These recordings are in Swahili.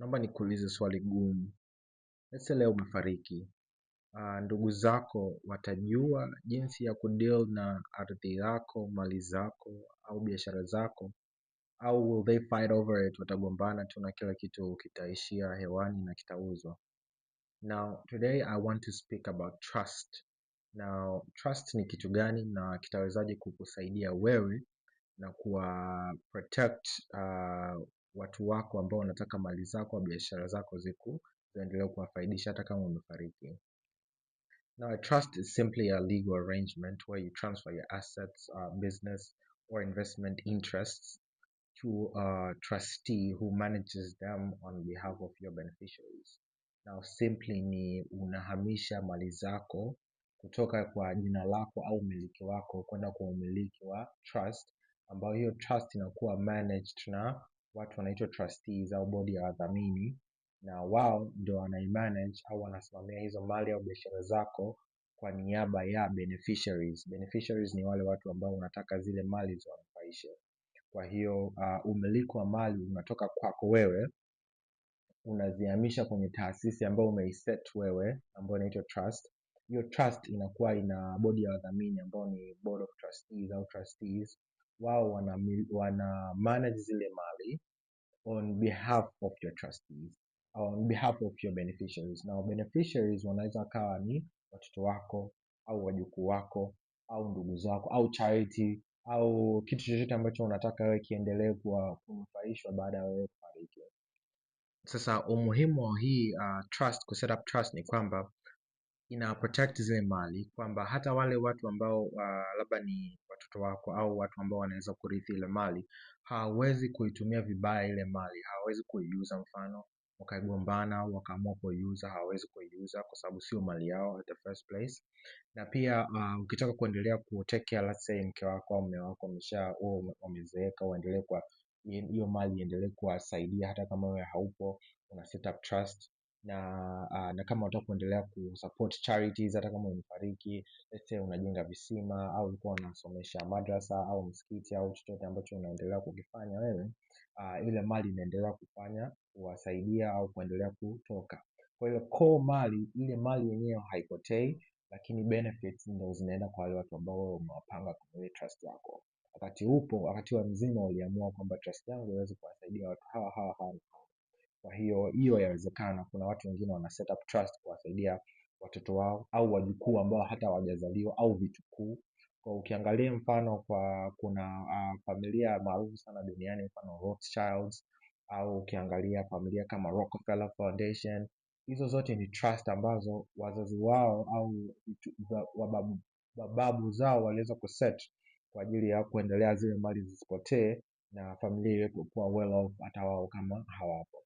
Naomba nikuulize swali gumu. say leo umefariki. Uh, ndugu zako watajua jinsi ya kudeal na ardhi yako, mali zako, au biashara zako, au will they fight over it? Watagombana tu na kila kitu kitaishia hewani na kitauzwa. Now, today I want to speak about trust. Now, trust ni kitu gani na kitawezaje kukusaidia wewe na kuwa protect uh, watu wako ambao wanataka mali zako au biashara zako ziku ziendelee kuwafaidisha hata kama umefariki. Now, a trust is simply a legal arrangement where you transfer your assets, uh, business, or investment interests to a trustee who manages them on behalf of your beneficiaries. Now, simply ni unahamisha mali zako kutoka kwa jina lako au umiliki wako kwenda kwa umiliki wa trust, ambayo hiyo trust inakuwa managed na watu wanaitwa trustees au bodi ya wadhamini, na wao ndio wanaimanage au wanasimamia hizo mali au biashara zako kwa niaba ya beneficiaries. Beneficiaries ni wale watu ambao unataka zile mali ziwanufaishe. Kwa hiyo uh, umiliki wa mali unatoka kwako wewe, unazihamisha kwenye taasisi ambayo umeiset wewe, ambayo inaitwa trust. Hiyo trust inakuwa ina bodi ya wadhamini ambao ni board of trustees au trustees wao wana, wana manage zile mali on behalf of your trustees, on behalf of your beneficiaries. Na beneficiaries wanaweza kawa ni watoto wako au wajukuu wako au ndugu zako au charity au kitu chochote ambacho unataka wewe kiendelee kwa kunufaishwa baada ya wewe kufariki. Sasa umuhimu wa hii uh, trust, ku set up trust ni kwamba ina protect zile mali kwamba hata wale watu ambao uh, labda ni watoto wako au watu ambao wanaweza kurithi ile mali hawawezi kuitumia vibaya ile mali, hawawezi kuiuza. Mfano wakaigombana wakaamua kuiuza, hawawezi kuiuza kwa sababu sio mali yao at the first place. Na pia uh, ukitaka kuendelea ku care let's say mke wako au mume wako amesha wamezeeka, uendelee kwa hiyo mali iendelee kuwasaidia hata kama wewe haupo, una set up trust na, uh, na kama unataka kuendelea kusupport charities hata kama umefariki let's say unajenga visima au ulikuwa unasomesha madrasa au msikiti au chochote ambacho unaendelea kukifanya wewe uh, ile mali inaendelea kufanya kuwasaidia au kuendelea kutoka kwa hiyo ko mali ile mali yenyewe haipotei lakini benefits ndo zinaenda kwa wale watu ambao umewapanga kwenye trust yako wakati upo wakati wa mzima uliamua kwamba trust yangu iweze kuwasaidia watu hawa hawa hawa hiyo hiyo yawezekana. Kuna watu wengine wana set up trust kuwasaidia watoto wao au wajukuu ambao hata hawajazaliwa au vitukuu. Kwa ukiangalia mfano kwa kuna uh, familia maarufu sana duniani mfano Rothschilds au ukiangalia familia kama Rockefeller Foundation, hizo zote ni trust ambazo wazazi wao au wababu, babu zao waliweza kuset kwa ajili ya kuendelea zile mali zisipotee na familia iwepo kuwa well off hata wao kama hawapo.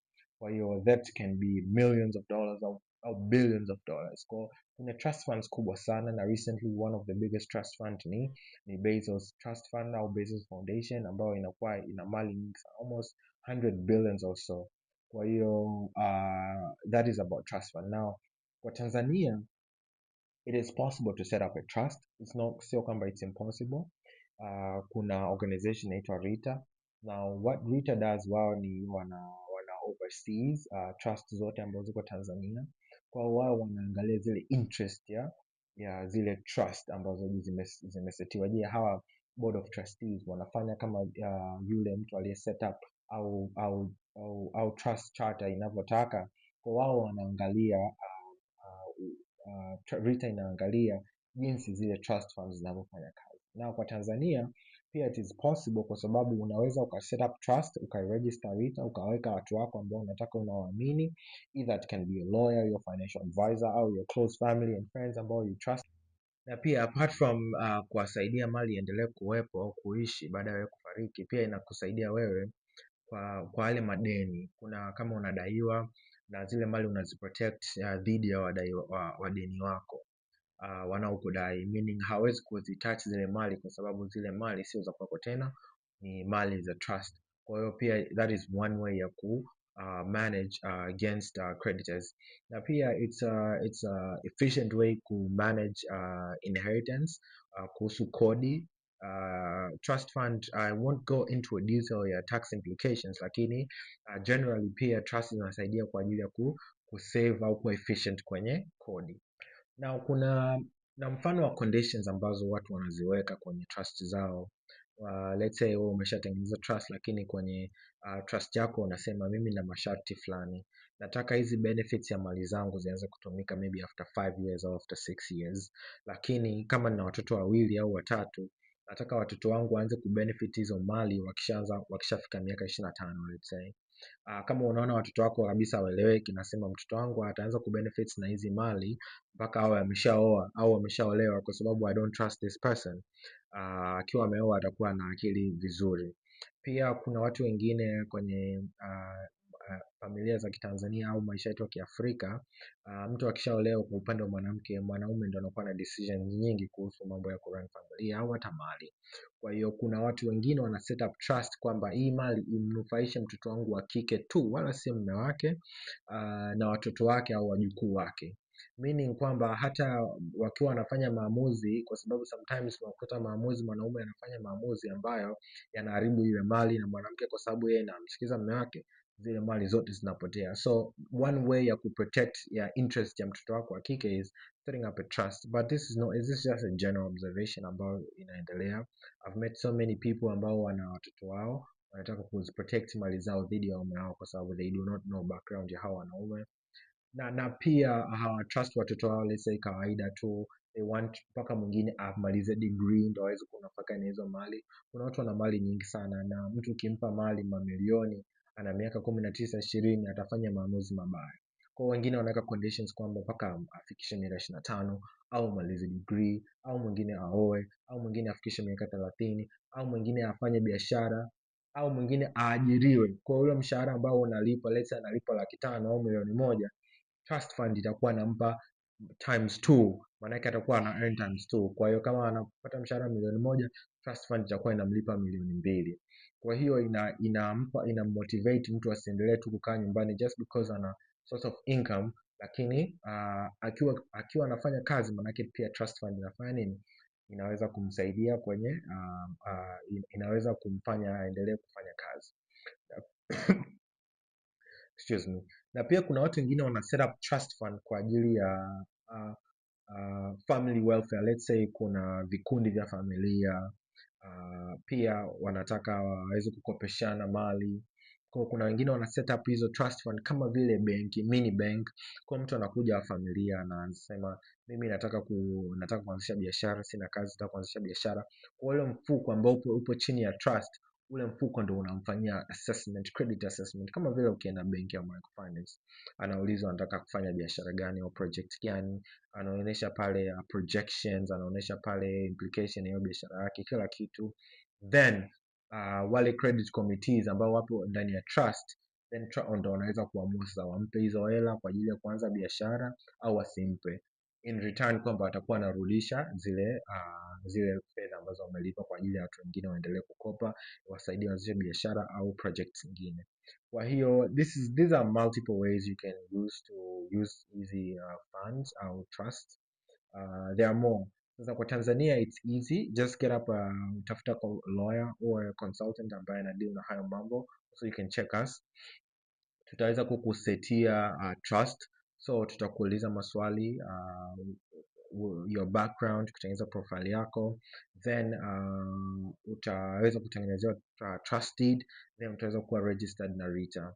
Kwa hiyo that can be millions of dollars au, billions of dollars. Kwa kuna trust funds kubwa sana na recently one of the biggest trust fund ni, ni Bezos Trust Fund au Bezos Foundation ambayo inakuwa ina mali nyingi sana almost 100 billions or so. Kwa hiyo uh, that is about trust fund. Now kwa Tanzania it is possible to set up a trust. It's not sio kwamba it's impossible. Uh, kuna organization inaitwa Rita. Now what Rita does wao ni wana overseas uh, trust zote ambazo ziko Tanzania, kwa wao wanaangalia zile interest ya ya zile trust ambazo zimesetiwa. Zime je, hawa board of trustees wanafanya kama uh, yule mtu aliye set up au au au, au trust charter inavyotaka? Kwa wao wanaangalia uh, uh, uh, RITA inaangalia jinsi zile trust funds zinavyofanya kazi. Na kwa Tanzania pia it is possible kwa sababu unaweza uka set up trust, uka register it, ukaweka watu wako ambao unataka unaoamini, either it can be your lawyer, your financial advisor, au your close family and friends ambao you trust. Na pia apart from uh, kuwasaidia mali iendelee kuwepo au kuishi baada ya wewe kufariki, pia inakusaidia wewe kwa, kwa yale madeni. Kuna kama unadaiwa na zile mali unaziprotect uh, dhidi ya wadeni wako uh, wanaokudai meaning hawezi kuzitouch zile mali kwa sababu zile mali sio za kwako tena, ni mali za trust. Kwa hiyo pia that is one way ya ku uh, manage uh, against uh, creditors na pia it's a, it's a efficient way ku manage uh, inheritance uh, kuhusu kodi Uh, trust fund I won't go into a detail ya tax implications lakini uh, generally pia trust zinasaidia kwa ajili ya ku, ku save au ku efficient kwenye kodi na kuna na mfano wa conditions ambazo watu wanaziweka kwenye trust zao. Uh, let's say wewe umeshatengeneza trust lakini kwenye uh, trust yako unasema mimi na masharti fulani, nataka hizi benefits ya mali zangu zianze kutumika maybe after 5 years au after 6 years, lakini kama nina watoto wawili au watatu nataka watoto wangu waanze kubenefit hizo mali wakishaanza wakishafika miaka 25 let's say. Uh, kama unaona watoto wako kabisa waeleweki, nasema mtoto wangu ataanza kubenefit na hizi mali mpaka awe ameshaoa au ameshaolewa, kwa sababu I don't trust this person. Ah, akiwa ameoa atakuwa na akili vizuri. Pia kuna watu wengine kwenye uh, familia za kitanzania au maisha yetu ya kiafrika ah, mtu akishaolewa kwa upande wa mwanamke, mwanaume ndo anakuwa na decision nyingi kuhusu mambo ya kurun familia au hata mali. Kwa hiyo kuna watu wengine wana set up trust kwamba hii mali imnufaishe mtoto wangu wa kike tu, wala si mume wake ah, na watoto wake au wajukuu wake. Meaning kwamba hata wakiwa wanafanya maamuzi kwa sababu sometimes unakuta maamuzi mwanaume anafanya maamuzi ambayo yanaharibu ile mali na mwanamke kwa sababu yeye anamsikiza mume wake zile mali zote zinapotea. So one way ya kuprotect ya interest ya mtoto wako wa kike is setting up a trust, but this is is this just a general observation ambayo inaendelea. I've met so many people ambao wana watoto wao wanataka kuprotect mali zao dhidi ya waume wao kwa sababu they do not know background ya hawa wanaume na, na pia hawatrust watoto wao lesai kawaida tu they want mpaka mwingine amalize degree ndo aweze kunafaka hizo mali. Kuna watu wana mali nyingi sana, na mtu ukimpa mali mamilioni ana miaka kumi na tisa ishirini atafanya maamuzi mabaya kwa wengine wanaweka conditions kwamba mpaka afikishe miaka ishirini na tano au malize degree au mwingine aoe au mwingine afikishe miaka thelathini au mwingine afanye biashara au mwingine aajiriwe kwa hiyo mshahara ambao unalipa say analipa laki tano au milioni moja trust fund itakuwa nampa times two, maanake atakuwa ana earn times two. Kwa hiyo kama anapata mshahara milioni moja, trust fund itakuwa inamlipa milioni mbili. Kwa hiyo ina inampa inammotivate mtu asiendelee tu kukaa nyumbani just because ana source of income, lakini uh, akiwa akiwa anafanya kazi, maanake pia trust fund inafanya nini inaweza kumsaidia kwenye uh, uh, inaweza kumfanya aendelee kufanya kazi excuse me na pia kuna watu wengine wana set up trust fund kwa ajili ya uh, uh, family welfare. Let's say kuna vikundi vya familia uh, pia wanataka waweze kukopeshana mali kwa kuna wengine wana set up hizo trust fund kama vile benki, mini bank. Kwa mtu anakuja familia anasema mimi nataka ku, nataka kuanzisha biashara, sina kazi, nataka kuanzisha biashara. Kwa ule mfuko ambao upo, upo chini ya trust ule mfuko ndo unamfanyia assessment, credit assessment, kama vile ukienda benki ya microfinance, anaulizwa anataka kufanya biashara gani au project gani, anaonyesha pale uh, projections, anaonyesha pale implication ya biashara yake, kila kitu then uh, wale credit committees ambao wapo ndani ya trust then ndio wanaweza kuamua sasa wampe hizo hela kwa ajili ya kuanza biashara au wasimpe in return kwamba watakuwa wanarudisha zile uh, zile fedha ambazo wamelipa kwa ajili ya watu wengine waendelee kukopa, wasaidie wazishe biashara au projects nyingine. Kwa hiyo this is, these are multiple ways you can use to use easy uh, funds au trust. Uh, there are more sasa kwa Tanzania it's easy, just get up uh, tafuta kwa lawyer or a consultant ambaye anadeal na hayo mambo, so you can check us. Tutaweza kukusetia uh, trust So tutakuuliza maswali uh, your background, kutengeneza profile yako, then uh, utaweza kutengenezewa uh, trusted, then utaweza kuwa registered na RITA.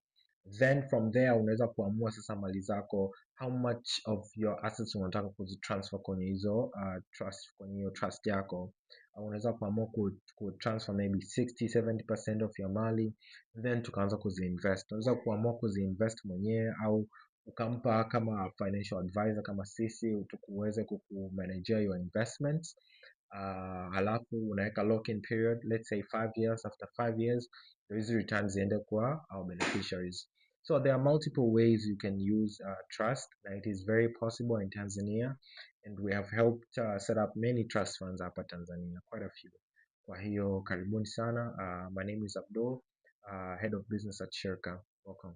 Then from there unaweza kuamua sasa mali zako, how much of your assets unataka kuzitransfer kwenye hizo uh, trust, kwenye hiyo trust yako uh, unaweza kuamua ku, ku transfer maybe 60 70% of your mali then tukaanza kuziinvest. Unaweza kuamua kuziinvest mwenyewe au ukampa kama financial advisor kama sisi tukuweze kukumanagea your investments uh, ah, alafu unaweka lock in period let's say 5 years after 5 years hizi returns ziende kwa our beneficiaries so there are multiple ways you can use uh, trust na it is very possible in Tanzania and we have helped uh, set up many trust funds hapa Tanzania quite a few kwa hiyo karibuni sana uh, my name is Abdul uh, head of business at Sherka welcome